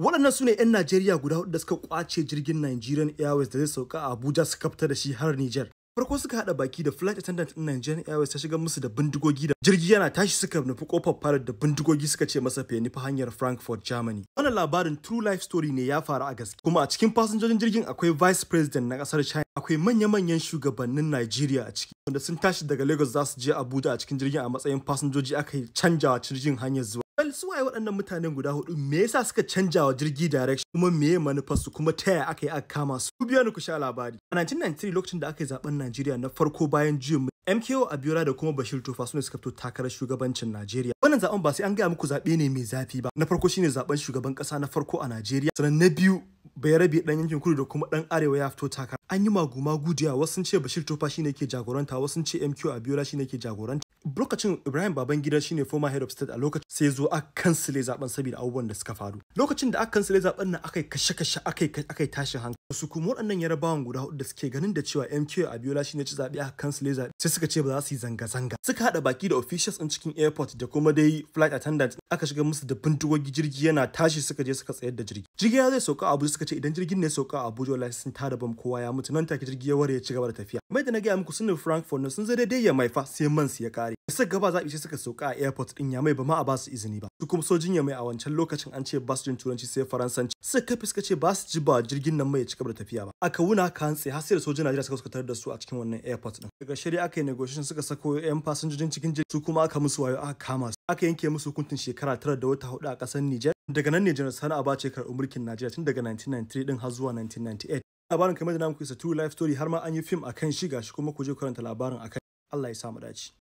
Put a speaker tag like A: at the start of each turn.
A: waɗannan su ne 'yan najeriya guda hudu da suka kwace jirgin nigerian airways da zai sauka a abuja su kafta da shi har niger farko suka haɗa baki da flight attendant ɗin nigerian airways ta shiga musu da bindigogi da jirgi yana tashi suka nufi kofar pilot da bindigogi suka ce masa fa hanyar frankfurt germany wannan labarin true life story ne ya faru a gaske kuma a cikin fasinjojin jirgin akwai vice president na kasar china akwai manya-manyan shugabannin Najeriya a ciki wanda sun tashi daga Lagos za su je Abuja a cikin jirgin a matsayin fasinjoji aka canjawa jirgin hanyar zuwa Well, su waye waɗannan mutanen guda hudu me yasa suka canja wa jirgi direction kuma meye manufar su kuma ta yaya aka yi aka kama su? Ku biya ni ku sha labari. A 1993 lokacin da aka yi zaben Najeriya na farko bayan juyin MKO Abiola da kuma Bashir Tofa su ne suka fito takarar shugabancin Najeriya. Wannan zaben ba sai an gaya muku zaɓe ne mai zafi ba. Na farko shine zaben shugaban kasa na farko a Najeriya. Sannan na biyu Bayarabe dan yankin kudu da kuma dan arewa ya fito takara. An yi magumagu magu da wasu sun ce Bashir Tofa shine ke jagoranta wasu sun ce MKO Abiola shine ke jagoranta. lokacin Ibrahim Babangida shine former head of state a lokacin sai zo a kansile zaben saboda abubuwan da suka faru lokacin da aka kansile zaben nan aka kashe kashe akai akai tashi hankali su kuma waɗannan yarabawan guda hudu da suke ganin da cewa MK Abiola shine ci zabe aka kansile zaben sai suka ce ba za su yi zanga zanga suka hada baki da officials din cikin airport da kuma dai flight attendant aka shiga musu da bindigogi jirgi yana tashi suka je suka tsayar da jirgi jirgi ya zai sauka Abuja suka ce idan jirgin ne sauka Abuja wallahi sun tada bam kowa ya mutu nan take jirgi ya ware ya ci gaba da tafiya mai da na ga muku sunan Frankfurt sun zai daidai ya mai fa sai man su ya kare kare sai gaba zabi sai suka sauka a airport din yamai ba ma a basu izini ba su kuma sojin yamai a wancan lokacin an ce ba su jin turanci sai faransanci suka ka suka ce ba ji ba jirgin nan mai ya cika da tafiya ba aka wuna ka hantsi har sai da sojin Najeriya suka suka da su a cikin wannan airport din daga shari aka yi negotiation suka sako yan fasinjojin cikin jirgi su kuma aka musu wayo aka kama su aka yanke musu hukuncin shekara tara da wata hudu a kasar Niger daga nan ne janar sani bace karɓi mulkin najeriya tun daga 1993 din har zuwa 1998 labarin kamar da namu kusa true life story har ma an yi fim akan shi gashi kuma ku je karanta labarin akan allah ya samu dace